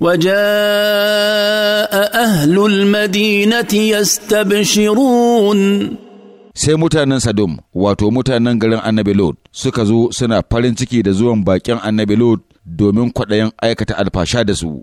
وجاء أهل المدينة يستبشرون sai mutanen Sadum wato mutanen garin Annabi Lot suka zo suna farin ciki da zuwan bakin Annabi Lot domin kwaɗayin aikata alfasha da su.